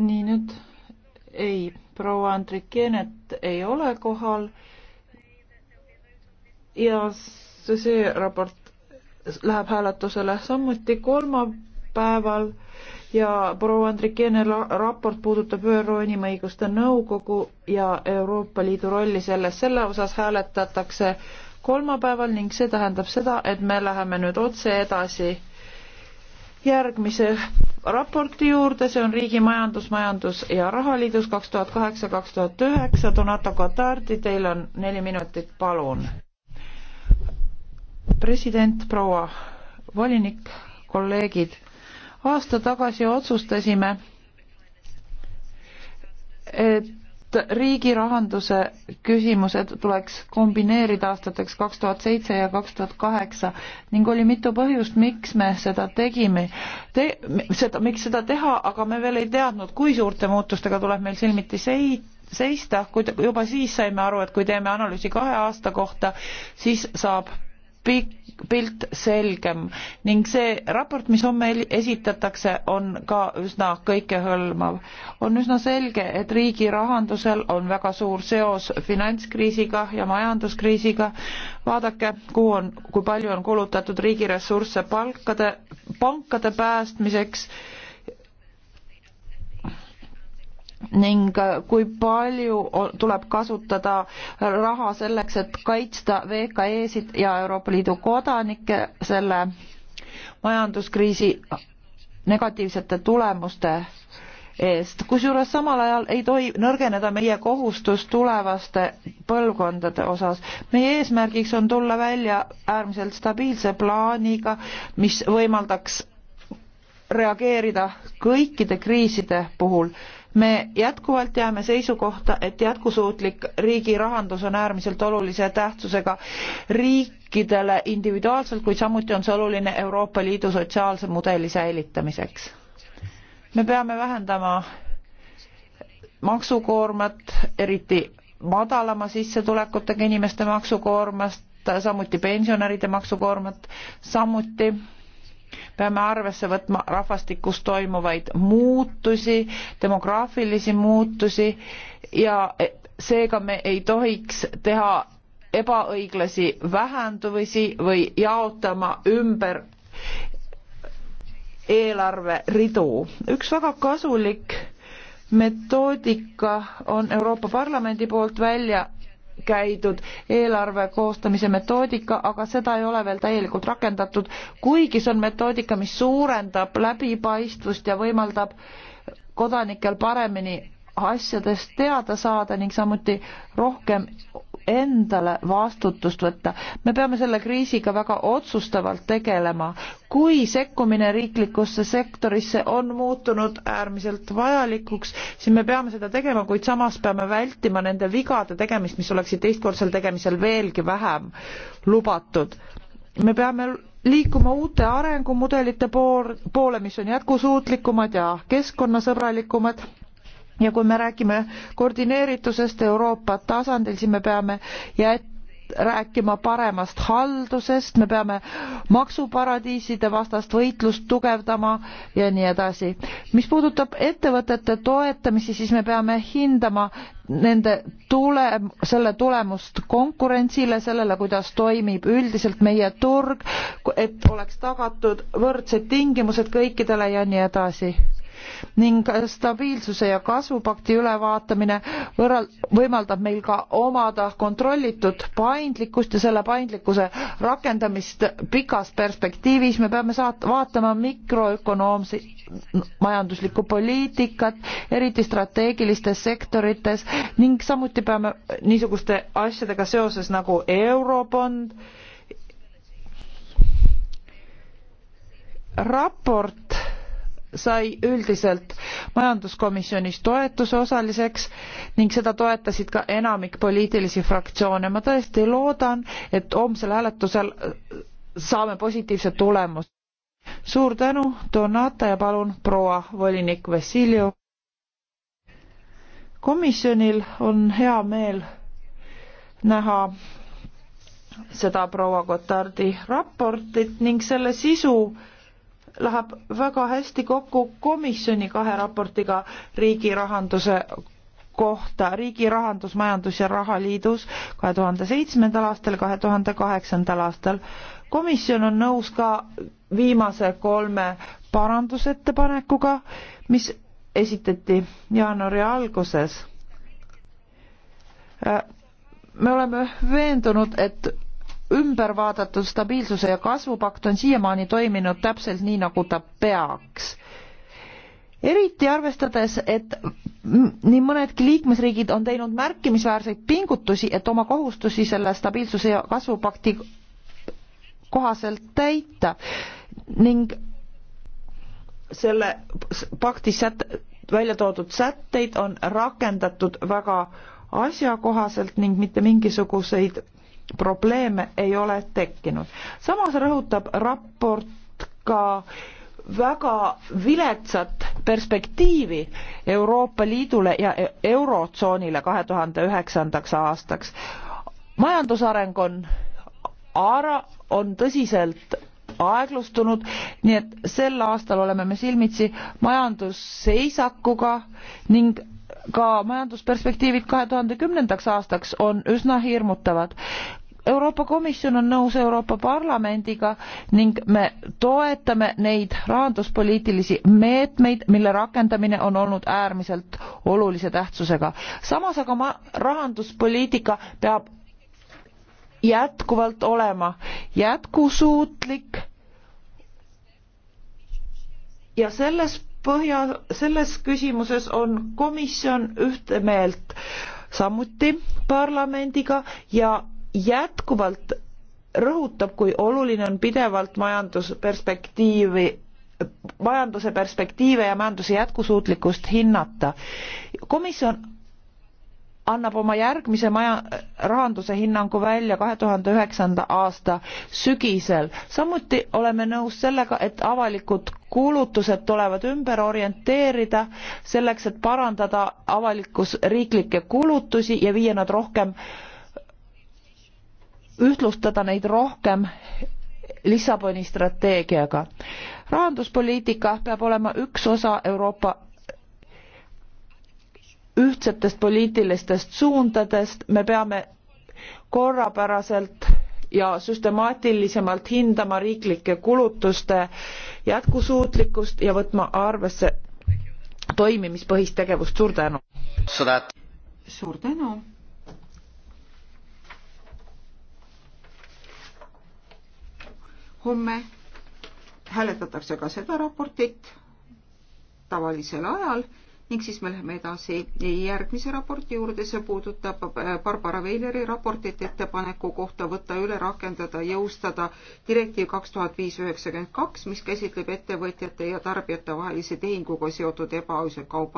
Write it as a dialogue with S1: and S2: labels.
S1: nii nüüd ei, proua Andrikienet ei ole kohal ja see raport läheb hääletusele samuti kolmapäeval ja proua Andrikiene raport puudutab ÜRO Inimõiguste Nõukogu ja Euroopa Liidu rolli selles, selle osas hääletatakse kolmapäeval ning see tähendab seda, et me läheme nüüd otse edasi järgmise raporti juurde, see on riigi majandus, majandus ja rahaliidus kaks tuhat kaheksa, kaks tuhat üheksa, Donato Katardi, teil on neli minutit, palun. president, proua volinik, kolleegid, aasta tagasi otsustasime, et et riigi rahanduse küsimused tuleks kombineerida aastateks kaks tuhat seitse ja kaks tuhat kaheksa ning oli mitu põhjust, miks me seda tegime Te,, seda, miks seda teha, aga me veel ei teadnud, kui suurte muutustega tuleb meil silmiti seita seista, kui juba siis saime aru, et kui teeme analüüsi kahe aasta kohta, siis saab pilt selgem ning see raport, mis homme esitatakse, on ka üsna kõikehõlmav. on üsna selge, et riigi rahandusel on väga suur seos finantskriisiga ja majanduskriisiga. vaadake, kuhu on, kui palju on kulutatud riigi ressursse palkade, pankade päästmiseks ning äh, kui palju tuleb kasutada raha selleks, et kaitsta VKE-sid ja Euroopa Liidu kodanikke selle majanduskriisi negatiivsete tulemuste eest, kusjuures samal ajal ei tohi nõrgeneda meie kohustus tulevaste põlvkondade osas. meie eesmärgiks on tulla välja äärmiselt stabiilse plaaniga, mis võimaldaks reageerida kõikide kriiside puhul me jätkuvalt jääme seisukohta, et jätkusuutlik riigi rahandus on äärmiselt olulise tähtsusega riikidele individuaalselt, kuid samuti on see oluline Euroopa Liidu sotsiaalse mudeli säilitamiseks. me peame vähendama maksukoormat, eriti madalama sissetulekutega inimeste maksukoormast, samuti pensionäride maksukoormat, samuti peame arvesse võtma rahvastikus toimuvaid muutusi, demograafilisi muutusi ja seega me ei tohiks teha ebaõiglasi vähendumisi või jaotama ümber eelarveridu. üks väga kasulik metoodika on Euroopa Parlamendi poolt välja käidud eelarve koostamise metoodika, aga seda ei ole veel täielikult rakendatud, kuigi see on metoodika, mis suurendab läbipaistvust ja võimaldab kodanikel paremini asjadest teada saada ning samuti rohkem endale vastutust võtta. me peame selle kriisiga väga otsustavalt tegelema. kui sekkumine riiklikusse sektorisse on muutunud äärmiselt vajalikuks, siis me peame seda tegema, kuid samas peame vältima nende vigade tegemist, mis oleksid teistkordsel tegemisel veelgi vähem lubatud. me peame liikuma uute arengumudelite poole, mis on jätkusuutlikumad ja keskkonnasõbralikumad ja kui me räägime koordineeritusest Euroopa tasandil, siis me peame jät-, rääkima paremast haldusest, me peame maksuparadiiside vastast võitlust tugevdama ja nii edasi. mis puudutab ettevõtete toetamisi, siis me peame hindama nende tule, selle tulemust konkurentsile, sellele, kuidas toimib üldiselt meie turg, et oleks tagatud võrdsed tingimused kõikidele ja nii edasi ning stabiilsuse ja kasvupakti ülevaatamine võimaldab meil ka omada kontrollitud paindlikkust ja selle paindlikkuse rakendamist pikas perspektiivis. me peame saat-, vaatama mikroökonoomse majanduslikku poliitikat, eriti strateegilistes sektorites ning samuti peame niisuguste asjadega seoses nagu eurobond, raport sai üldiselt majanduskomisjonis toetuse osaliseks ning seda toetasid ka enamik poliitilisi fraktsioone. ma tõesti loodan, et homsel hääletusel saame positiivset tulemust. suur tänu, Donata ja palun proua volinik Vassiljev. komisjonil on hea meel näha seda proua Gotardi raportit ning selle sisu läheb väga hästi kokku komisjoni kahe raportiga riigi rahanduse kohta riigi rahandus, majandus ja rahaliidus kahe tuhande seitsmendal aastal, kahe tuhande kaheksandal aastal. komisjon on nõus ka viimase kolme parandusettepanekuga, mis esitati jaanuari alguses. me oleme veendunud, et ümber vaadatud stabiilsuse ja kasvupakt on siiamaani toiminud täpselt nii, nagu ta peaks. eriti arvestades, et nii mõnedki liikmesriigid on teinud märkimisväärseid pingutusi, et oma kohustusi selle stabiilsuse ja kasvupakti kohaselt täita ning selle pakti sätt-, välja toodud sätteid on rakendatud väga asjakohaselt ning mitte mingisuguseid probleeme ei ole tekkinud. samas rõhutab raport ka väga viletsat perspektiivi Euroopa Liidule ja e-, Eurotsoonile kahe tuhande üheksandaks aastaks. majandusareng on, on tõsiselt aeglustunud, nii et sel aastal oleme me silmitsi majandusseisakuga ning ka majandusperspektiivid kahe tuhande kümnendaks aastaks on üsna hirmutavad. Euroopa Komisjon on nõus Euroopa Parlamendiga ning me toetame neid rahanduspoliitilisi meetmeid, mille rakendamine on olnud äärmiselt olulise tähtsusega. samas aga ma, rahanduspoliitika peab jätkuvalt olema jätkusuutlik ja selles põhja, selles küsimuses on komisjon ühte meelt samuti parlamendiga ja jätkuvalt rõhutab, kui oluline on pidevalt majandusperspektiivi, majanduse perspektiive ja majanduse jätkusuutlikkust hinnata. komisjon annab oma järgmise maja, äh, rahanduse hinnangu välja kahe tuhande üheksanda aasta sügisel. samuti oleme nõus sellega, et avalikud kulutused tulevad ümber orienteerida selleks, et parandada avalikus riiklikke kulutusi ja viia nad rohkem, ühtlustada neid rohkem Lissaboni strateegiaga. rahanduspoliitika peab olema üks osa Euroopa ühtsetest poliitilistest suundadest, me peame korrapäraselt ja süstemaatilisemalt hindama riiklike kulutuste jätkusuutlikkust ja võtma arvesse toimimispõhist tegevust. suur tänu! suur tänu! homme hääletatakse ka seda raportit tavalisel ajal ning siis me läheme edasi järgmise raporti juurde, see puudutab äh, Barbara Veileri raportit ettepaneku kohta võtta üle, rakendada, jõustada direktiiv kaks tuhat viis üheksakümmend kaks, mis käsitleb ettevõtjate ja tarbijate vahelise tehinguga seotud ebaausaid kauba